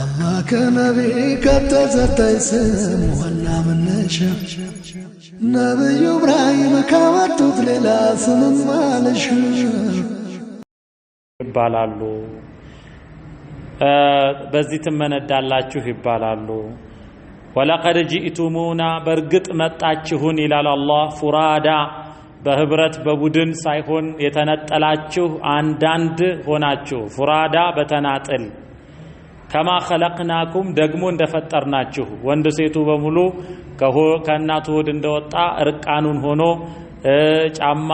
አላህ ከነቢ ከተዘታይ ስም ዋና መነሻ ነብዩ ኢብራሂም ካመጡት ሌላ ስምም አለሽ ይባላሉ። በዚህ ትመነዳላችሁ ይባላሉ። ወለቀድ ጂእቱሙና በእርግጥ መጣችሁን ይላል አላህ ፉራዳ በህብረት በቡድን ሳይሆን የተነጠላችሁ አንዳንድ ሆናችሁ ፉራዳ በተናጥል ከማ ኸለቅናኩም ደግሞ እንደፈጠርናችሁ ወንድ ሴቱ በሙሉ ከእናቱ ሆድ እንደወጣ እርቃኑን ሆኖ ጫማ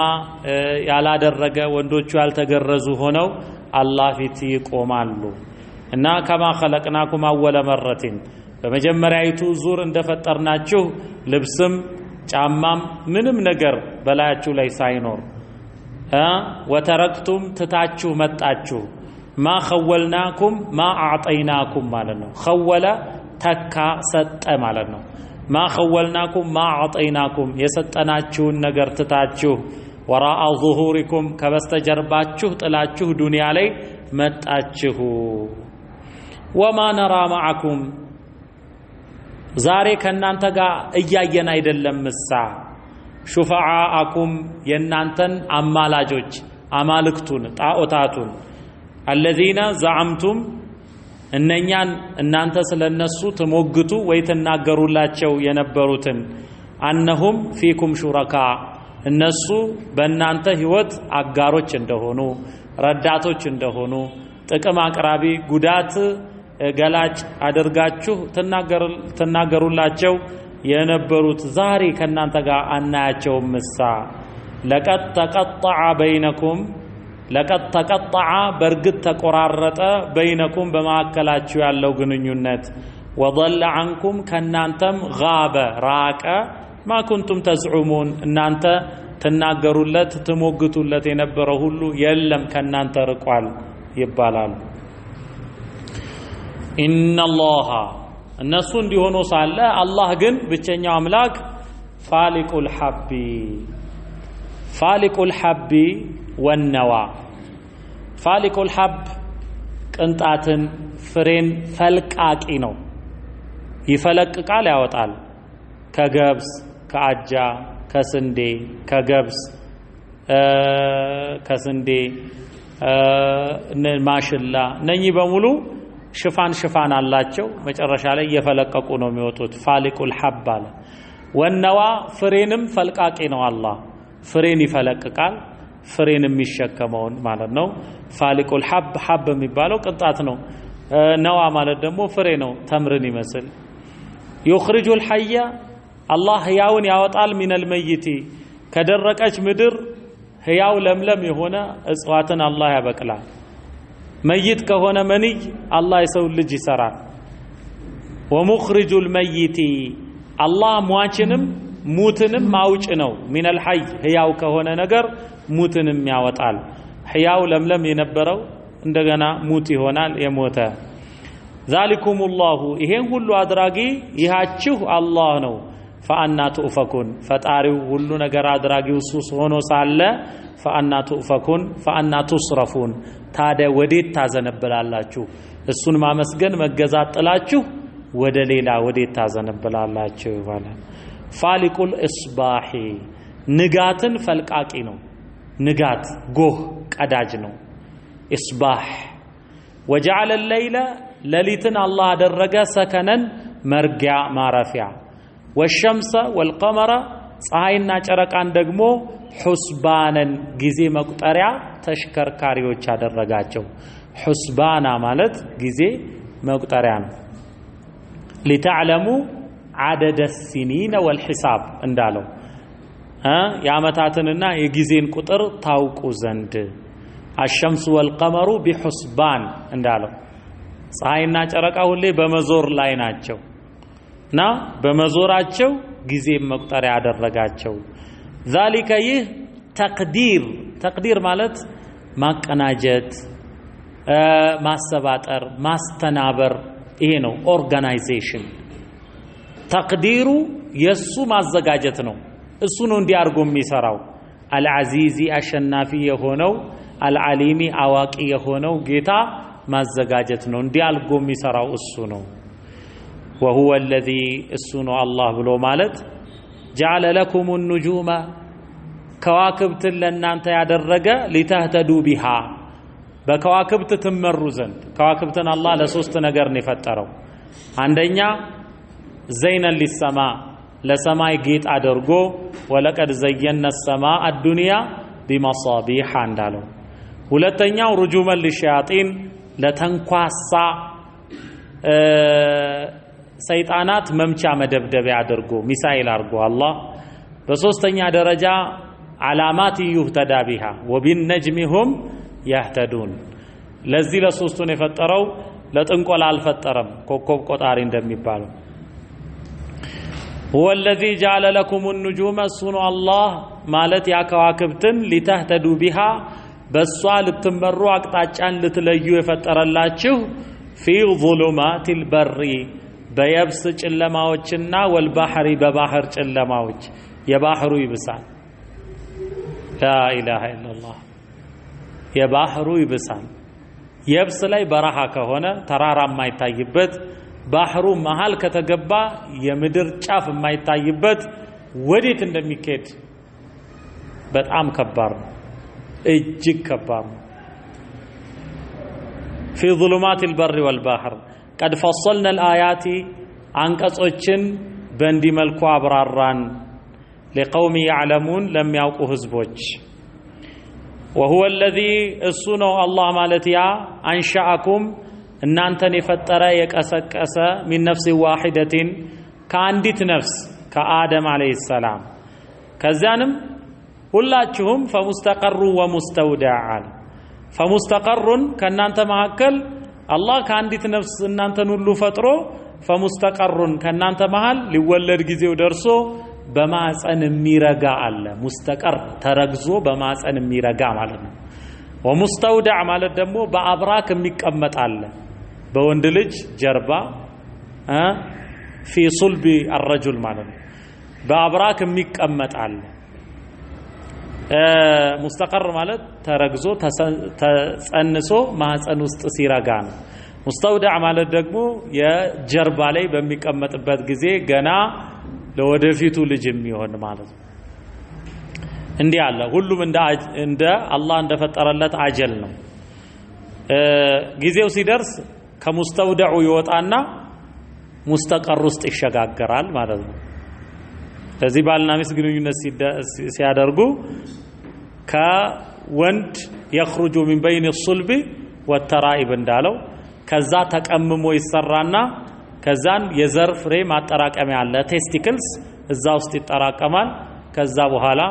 ያላደረገ ወንዶቹ ያልተገረዙ ሆነው አላህ ፊት ይቆማሉ እና ከማ ኸለቅናኩም አወለ መረቲን በመጀመሪያይቱ ዙር እንደፈጠርናችሁ ልብስም ጫማም ምንም ነገር በላያችሁ ላይ ሳይኖር ወተረክቱም ትታችሁ መጣችሁ ማ ኸወልናኩም ማ አዕጠይናኩም ማለት ነው። ኸወለ ተካ ሰጠ ማለት ነው። ማ ኸወልናኩም ማ አዕጠይናኩም የሰጠናችሁን ነገር ትታችሁ ወራአ ዙሁሪኩም ከበስተጀርባችሁ ጥላችሁ ዱንያ ላይ መጣችሁ። ወማ ነራ ማዓኩም ዛሬ ከእናንተ ጋር እያየን አይደለም። ምሳ ሹፈዓአኩም የእናንተን አማላጆች አማልክቱን ጣዖታቱን አለዚነ ዘዓምቱም እነኛን እናንተ ስለነሱ ትሞግቱ ወይ ትናገሩላቸው የነበሩትን አነሁም ፊኩም ሹረካ እነሱ በእናንተ ህይወት አጋሮች እንደሆኑ ረዳቶች እንደሆኑ ጥቅም አቅራቢ ጉዳት ገላጭ አድርጋችሁ ትናገሩላቸው የነበሩት ዛሬ ከእናንተ ጋር አናያቸውም ምሳ ለቀድ ተቀጠዐ በይነኩም ለቀጥ ተቀጠዐ በእርግጥ ተቆራረጠ በይነኩም በመካከላችሁ ያለው ግንኙነት ወضለ ዐንኩም ከእናንተም ጋበ ራቀ ማኩንቱም ኩንቱም ተዝዑሙን እናንተ ትናገሩለት ትሞግቱለት የነበረ ሁሉ የለም ከእናንተ ርቋል ይባላሉ። ኢነላሃ እነሱ እንዲሆኑ ሳለ አላህ ግን ብቸኛው አምላክ ፋሊቁል ሐቢ ፋሊቁል ሐቢ ወነዋ ፋሊቁል ሐብ ቅንጣትን ፍሬን ፈልቃቂ ነው። ይፈለቅቃል፣ ያወጣል። ከገብስ ከአጃ ከስንዴ ከገብስ ከስንዴ ማሽላ እነኚህ በሙሉ ሽፋን ሽፋን አላቸው። መጨረሻ ላይ እየፈለቀቁ ነው የሚወጡት። ፋሊቁል ሀብ አለ። ወነዋ ፍሬንም ፈልቃቂ ነው። አላህ ፍሬን ይፈለቅቃል ፍሬን የሚሸከመውን ማለት ነው። ፋሊቁል ሐብ ሐብ የሚባለው ቅንጣት ነው። ነዋ ማለት ደግሞ ፍሬ ነው። ተምርን ይመስል ዩኽሪጁል ሐየ አላህ ህያውን ያወጣል ሚነል መይቲ ከደረቀች ምድር ህያው ለምለም የሆነ እጽዋትን አላህ ያበቅላል። መይት ከሆነ መንይ አላህ የሰው ልጅ ይሰራል። ወሙኽሪጁል መይቲ አላህ ሟችንም ሙትንም ማውጭ ነው። ሚነል ሐይ ህያው ከሆነ ነገር ሙትንም ያወጣል። ሕያው ለምለም የነበረው እንደገና ሙት ይሆናል የሞተ ዛሊኩም ላሁ ይሄን ሁሉ አድራጊ ይሃችሁ አላህ ነው። ፈአና ትኡፈኩን ፈጣሪው ሁሉ ነገር አድራጊው እሱ ሆኖ ሳለ ፈአና ትኡፈኩን ፈአና ትስረፉን ታዲያ ወዴት ታዘነብላላችሁ? እሱን ማመስገን መገዛት ጥላችሁ ወደ ሌላ ወዴት ታዘነብላላችሁ? ይባላል። ፋሊቁል እስባሒ ንጋትን ፈልቃቂ ነው። ንጋት ጎህ ቀዳጅ ነው ኢስባህ ወጀዓለ ለይለ ሌሊትን አላህ አደረገ ሰከነን መርጊያ ማረፊያ ወሸምሰ ወልቀመረ ፀሐይና ጨረቃን ደግሞ ሑስባነን ጊዜ መቁጠሪያ ተሽከርካሪዎች አደረጋቸው ሑስባና ማለት ጊዜ መቁጠሪያ ነው ሊተዕለሙ ዓደደ ሲኒነ ወልሒሳብ እንዳለው የዓመታትንና የጊዜን ቁጥር ታውቁ ዘንድ አሸምስ ወልቀመሩ ቢሑስባን እንዳለው ፀሐይና ጨረቃ ሁሌ በመዞር ላይ ናቸው እና በመዞራቸው ጊዜ መቁጠሪያ ያደረጋቸው። ዛሊከ ይህ ተቅዲር ተቅዲር ማለት ማቀናጀት፣ ማሰባጠር፣ ማስተናበር ይሄ ነው ኦርጋናይዜሽን። ተቅዲሩ የሱ ማዘጋጀት ነው። እሱ ነው እንዲህ አድርጎ የሚሰራው። አልዓዚዚ አሸናፊ የሆነው አልዓሊሚ አዋቂ የሆነው ጌታ ማዘጋጀት ነው። እንዲህ አድርጎ የሚሰራው እሱ ነው። ወሁወ አለዚ እሱ ነው አላህ ብሎ ማለት ጀዐለ ለኩም ኑጁመ ከዋክብትን ለእናንተ ያደረገ ሊተህተዱ ቢሃ በከዋክብት ትመሩ ዘንድ። ከዋክብትን አላህ ለሶስት ነገር ነው የፈጠረው። አንደኛ ዘይነን ሊሰማ ለሰማይ ጌጥ አድርጎ ወለቀድ ዘየነ ሰማአ አዱንያ ቢመሳቢሐ እንዳለው። ሁለተኛው ሩጁመን ሊሸያጢን ለተንኳሳ ሰይጣናት መምቻ መደብደቢያ አድርጎ ሚሳኤል አድርጎ አላህ። በሶስተኛ ደረጃ አላማት ዩህተዳ ቢሃ ወቢነጅሚ ሁም ያህተዱን። ለዚህ ለሶስቱን የፈጠረው ለጥንቆላ አልፈጠረም። ኮከብ ቆጣሪ እንደሚባለው ሁወለዚ ጀዓለ ለኩም ኑጁመ እሱኑ አላህ ማለት ያከዋክብትን ሊተህተዱ ቢሃ በእሷ ልትመሩ አቅጣጫን ልትለዩ የፈጠረላችሁ ፊ ዙሉማት ልበሪ በየብስ ጨለማዎችና ወልባህሪ በባህር ጨለማዎች የባህሩ ይብሳል። ላኢላሃ ኢለላህ የባህሩ ይብሳል። የብስ ላይ በረሃ ከሆነ ተራራ የማይታይበት ባህሩ መሀል ከተገባ የምድር ጫፍ የማይታይበት ወዴት እንደሚካሄድ በጣም ከባድ ነው፣ እጅግ ከባድ ነው። ፊ ዙሉማት ልበሪ ወልባህር ቀድ ፈሰልና ልአያቲ አንቀጾችን በእንዲህ መልኩ አብራራን ሊቀውሚ ያዕለሙን ለሚያውቁ ህዝቦች ወሁወ ለዚ እሱ ነው አላህ ማለት ያ አንሻአኩም እናንተን የፈጠረ የቀሰቀሰ ሚን ነፍሲ ዋሂደቲን ከአንዲት ነፍስ ከአደም አለይሂ ሰላም ከዚያንም ሁላችሁም ፈሙስተቀሩ ወሙስተውዳዕ አለ። ፈሙስተቀሩን ከእናንተ መካከል አላህ ከአንዲት ነፍስ እናንተን ሁሉ ፈጥሮ ፈሙስተቀሩን ከእናንተ መሃል ሊወለድ ጊዜው ደርሶ በማፀን የሚረጋ አለ። ሙስተቀር ተረግዞ በማፀን የሚረጋ ማለት ነው። ወሙስተውዳዕ ማለት ደግሞ በአብራክ የሚቀመጥ አለ። በወንድ ልጅ ጀርባ ፊ ሱልቢ አረጁል ማለት ነው። በአብራክ የሚቀመጥ ሙስተቀር ማለት ተረግዞ ተጸንሶ ማህፀን ውስጥ ሲረጋ ነው። ሙስተውዳዕ ማለት ደግሞ የጀርባ ላይ በሚቀመጥበት ጊዜ ገና ለወደፊቱ ልጅ የሚሆን ማለት ነው። እንዲህ አለ። ሁሉም እንደ አላህ እንደፈጠረለት አጀል ነው። ጊዜው ሲደርስ ከሙስተውደዑ ይወጣና ሙስተቀር ውስጥ ይሸጋገራል ማለት ነው። ለዚህ ባልና ሚስት ግንኙነት ሲያደርጉ ከወንድ የኽሩጁ ሚን በይን ሱልቢ ወተራኢብ እንዳለው ከዛ ተቀምሞ ይሰራና ከዛን የዘር ፍሬ ማጠራቀሚያ አለ ቴስቲክልስ እዛ ውስጥ ይጠራቀማል። ከዛ በኋላ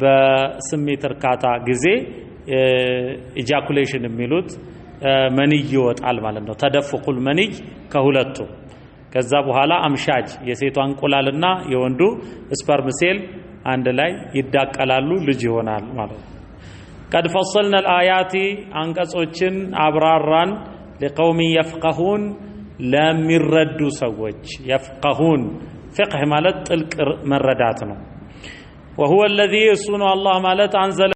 በስሜት እርካታ ጊዜ ኢጃኩሌሽን የሚሉት መንይ ይወጣል ማለት ነው። ተደፍቁል መንይ ከሁለቱ ከዛ በኋላ አምሻጅ የሴቷ እንቁላልና የወንዱ ስፐርም ሴል አንድ ላይ ይዳቀላሉ፣ ልጅ ይሆናል ማለት ነው። ቀድ ፈሰልነል አያቲ አንቀጾችን አብራራን ሊቀውሚን የፍቀሁን ለሚረዱ ሰዎች የፍቀሁን ፍቅህ ማለት ጥልቅ መረዳት ነው። ወሁወ ለዚ እሱ ነው አላህ ማለት አንዘለ